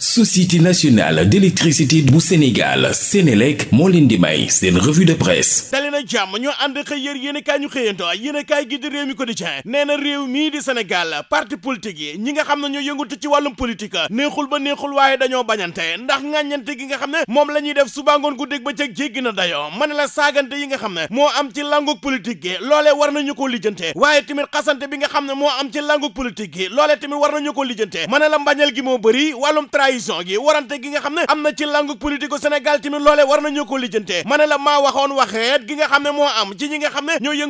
société nationale d'électricité bu Sénégal Sénélec moo leen di may seen revue de presse dali jàmm ñoo ànd xëy yér yéen ñu xëyanto yéen gi di réew mi quotidien nee na réew mii di Sénégal parti politique yi ñi nga xam ne ñoo yëngatu ci wàllum politique neexul ba neexul waaye dañoo bañante ndax ŋàññante gi nga xam ne moom la ñuy def subaangoon gu dég ba ca jéggi na dayoo mën la saagante yi nga xam ne moo am ci langug politique gi loolee war nañu ko lijjante waaye tamit xasante bi nga xam ne moo am ci langug politique gi loolee tamit war nañu ko lijjante mën la mbañal gi moo bëri trahison gi warante gi am na ci langue politique u Sénégal tamit loole war nañu ko lijjantee ma xam ne moo am ci ñi nga xam ne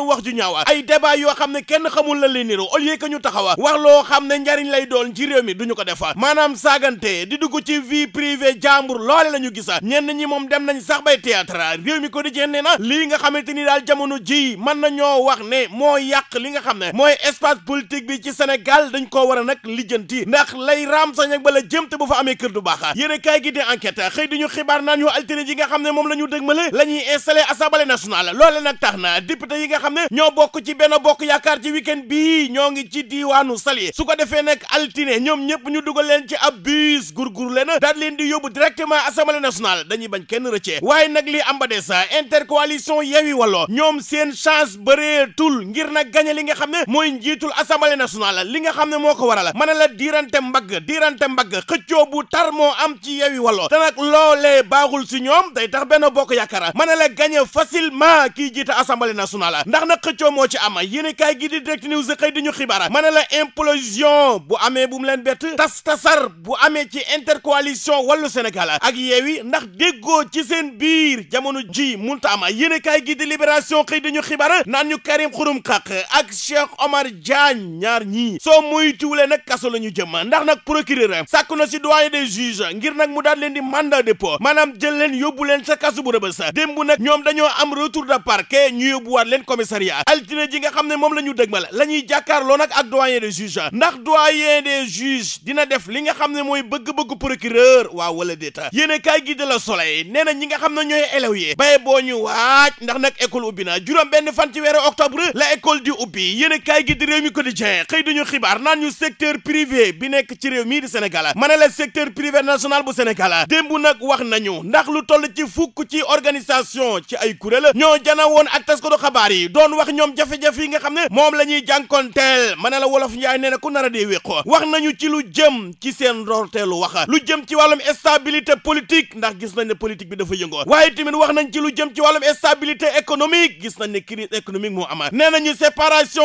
wax ju ñaawa ay débat yoo xam ne kenn xamul la li niru au lieu que ñu taxawa wax loo xam ne njariñ lay doon ci réew mi duñu ko defa maanaam saagante di dugg ci vie privée jàmbur loole la ñu gisa ñenn ñi moom dem nañ sax bay théâtre réew mi ko di jenne na lii nga xamante ni daal jamono ji mën nañoo wax ne moo yàq li nga xam ne mooy espace politique bi ci Sénégal dañ koo war a nag yi ndax lay raam sañ ak bala jëm te bu fa amee kër du baax yéen a kaay gi di enquête xëy ñu xibaar naan ñu altine ji nga xam ne moom la ñu dëgmale la ñuy installé assemblée nationale loole nag tax na député yi nga xam ne ñoo bokk ci benn bokk yaakaar ci week-end bii ñoo ngi ci diiwaanu Saly su ko defee nag altine ñoom ñëpp ñu dugal leen ci ab bus gurgur leen daal leen di yóbbu directement assemblée nationale dañuy bañ kenn rëccee waaye nag li am ba des intercoalition Yewwi Wallu ñoom seen chance bëreetul ngir nag gañe li nga xam ne mooy njiitul assemblée nationale li nga xam ne moo ko waral mën na la diirante mbagg diirante mbagg xëccoo bu tar moo am ci yewi wallo te nag loolee baaxul si ñoom day tax benn bokk yaakaar mën na la gagné facilement kii jiite assemblée nationale ndax nag xëccoo moo ci am yéen kaay gi di direct xëy di ñu xibaar mën na la implosion bu amee bu mu leen bett tas tasar bu amee ci intercoalition wàllu Sénégal ak yeewi ndax déggoo ci seen biir jamono ji munta am yéen kaay gi di libération xëy di ñu xibaar naan ñu Karim Xurum Xaq ak Cheikh Omar Diagne ñaar ñii soo muy tuulee nag kaso la ñu jëm ndax nag procureur sàkku na si doyen des juges ngir nag mu daal leen di mandat dépôt maanaam jël leen yóbbu leen sa kaso bu rëbës démb nag ñoom dañoo am retour de parquet yóbbu yóbbuwaat leen commissariat altine ji nga xam ne moom la ñu dëgmal la ñuy jàkkaarloo nag ak doyen des juges ndax doyen des juges dina def li nga xam ne mooy bëgg-bëgg procureur waaw wala déet yéen a kaay gi de la soleil nee na ñi nga xam ne ñooy élèves yi boo ñu waaj nag école ubbi na juróom benn fan ci weeru octobre la école di ubbi yéen a gi di réew mi quotidien xëy dañu xibaar naan ñu secteur privé bi nekk ci réew mii di Sénégal ma ne la secteur privé national bu Sénégal démb nag wax nañu ndax lu toll ci fukk ci organisation ci ay kuréel ñoo jana woon ak taskatu xabaar yi doon wax ñoom jafe-jafe yi nga xam ne moom la ñuy jànkonteel ma ne la wolof njaay nee na ku nar a dee wéqo wax nañu ci lu jëm ci seen ndorteelu wax lu jëm ci wàllum stabilité politique ndax gis nañ ne politique bi dafa yëngoo waaye tamit wax nañ ci lu jëm ci wàllum stabilité économique gis nañ ne crise économique moo ama nee nañu séparation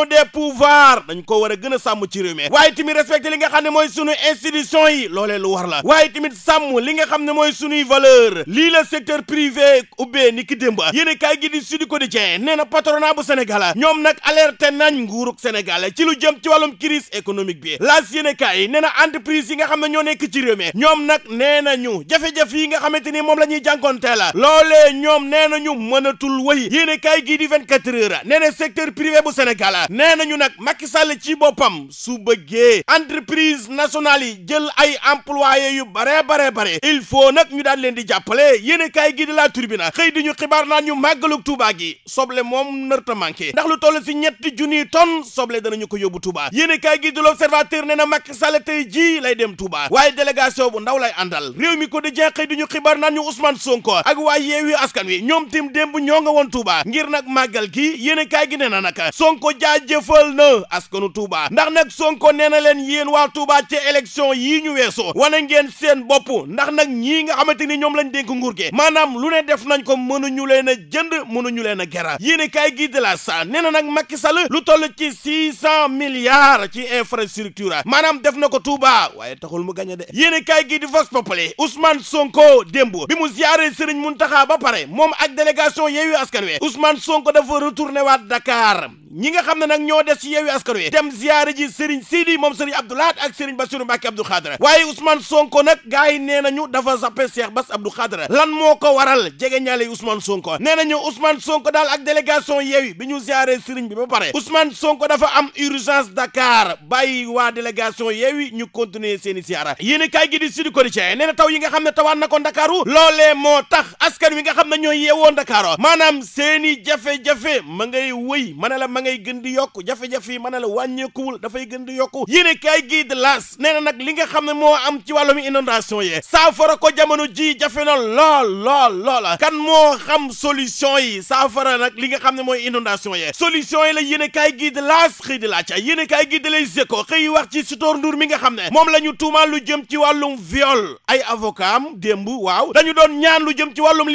pouvoir dañ ko war a sàmm ci réew mi waaye tamit respecté li nga xam ne mooy sunu institution yi loolee lu war la waaye tamit sàmm li nga xam ne mooy sunuy valeur lii la secteur privé ubbee ni ki démb yéen kaay gi di Sud Quotidien nee na patronat bu Sénégal ñoom nag alerté nañ nguurug Sénégal ci lu jëm ci wàllum crise économique bi la laas yéen kaay ne na entreprise yi nga xam ne ñoo nekk ci réew mi ñoom nag nee nañu jafe-jafe yi nga xamante ni moom la ñuy jànkoonte la loolee ñoom nee nañu mënatul wëy yéen kaay gii di 24 heures nee na secteur privé bu Sénégal nee nañu nag Macky Sall ci boppam su bëggee entreprise nationale yi jël ay employé yu bare bare bare il faut nag ñu daan leen di jàppale yéen kaay gi di la turbina xëy di ñu xibaar naan ñu màggalug Touba gi soble moom nërta manqué ndax lu toll si ñetti junniy tonnes soble danañu ko yóbbu Touba yéen kaay gi di l'Observateur nee na Macky tey ji lay dem Touba waaye délégation bu ndaw lay àndal réew mi ko di jeex xëy di ñu xibaar naan ñu Ousmane Sonko ak waa Yewwi Askan Wi ñoom tim démb ñoo nga woon Touba gi nag Sonko jaajëfal na askanu Touba ndax nag Sonko nee na leen yéen waa Touba ci élection yii ñu weesoo wane ngeen seen bopp ndax nag ñii nga xamante ni ñoom lañ dénk nguur gi maanaam lu ne def nañ ko mënuñu leen a jënd mënuñu leen a gera yéen kaay gi de la sa nee na nag Macky Sall lu toll ci six cent milliards ci infrastructure maanaam def na ko Touba waaye taxul mu gañ a de yéen kaay gi di Vox Populi Ousmane Sonko démb bi mu ziare Serigne Mountakha ba pare moom ak délégation Yewwi Askan Wi Ousmane Sonko dafa retourné waat Dakar ñi nga xam ne nag ñoo des ci yeewi askan wi dem ziyaare ji Serigne Sidi moom Serigne Abdou Lahad ak Serigne Bassirou Mbacké Abdou Khadre waaye Ousmane Sonko nag gars yi nee nañu dafa zappe Cheikh Bass Abdou Khadre lan moo ko waral jege ñaale Ousmane Sonko nee nañu Ousmane Sonko daal ak délégation yeewi bi ñu ziyaare Serigne bi ba pare Ousmane Sonko dafa am urgence Dakar bàyyi waa délégation yeewi ñu continuer seeni ziyaara yéen kay gi di Sud Quotidien nee na taw yi nga xam ne tawaan na ko Ndakaaru loolee moo tax askan wi nga xam ne ñoo yeewoo Ndakaaru maanaam seeni jafe ma ngay wëy ma ne la ma ngay gën di yokk jafe-jafe yi ma ne la wàññeekuwul dafay gën di yokku yéene kaay laas nee na nag li nga xam ne moo am ci wàllum inondation yee saafara ko jamono ji jafe na lool lool loola kan moo xam solution yi saafara nag li nga xam ne mooy inondation yee solution yi la yéene kaay gii di laas xëy di laaj yéene kaay gii di lay zeko xëy wax ci Sitor Ndour mi nga xam ne moom la ñu tuumaan lu jëm ci wàllum viol ay avocat am démb waaw dañu doon ñaan lu jëm ci wàllum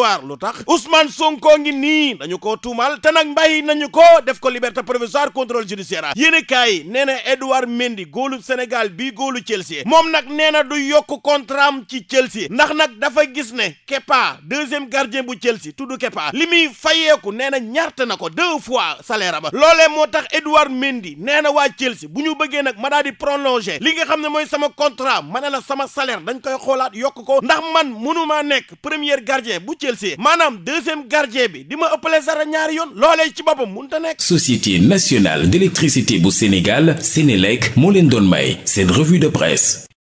histoire lu tax Ousmane Sonko ngi nii dañu ko tuumal te nag mbàyyi nañu ko def ko liberté provisoire contrôle judiciaire yéene kaay nee na Edouard Mendy goolu Sénégal bii góolu Chelsea moom nag nee na du yokk contrat am ci Chelsea ndax nag dafa gis ne Kepa deuxième gardien bu Chelsea tudd Kepa li muy fayeeku nee na ñaarte na ko deux fois salaire ba loolee moo tax Edouard Mendy nee na waa Chelsea bu ñu bëggee nag ma daal prolonger li nga xam ne mooy sama contrat ma ne la sama salaire dañ koy xoolaat yokk ko ndax man mënumaa nekk premier gardien bu Chelsea maanaam deuxième gardien bi di ma ëppale sara ñaari yoon loolee ci boppam munta a nekk. Société nationale d'électricité bu Sénégal Sénélec moo leen doon may seen revue de presse.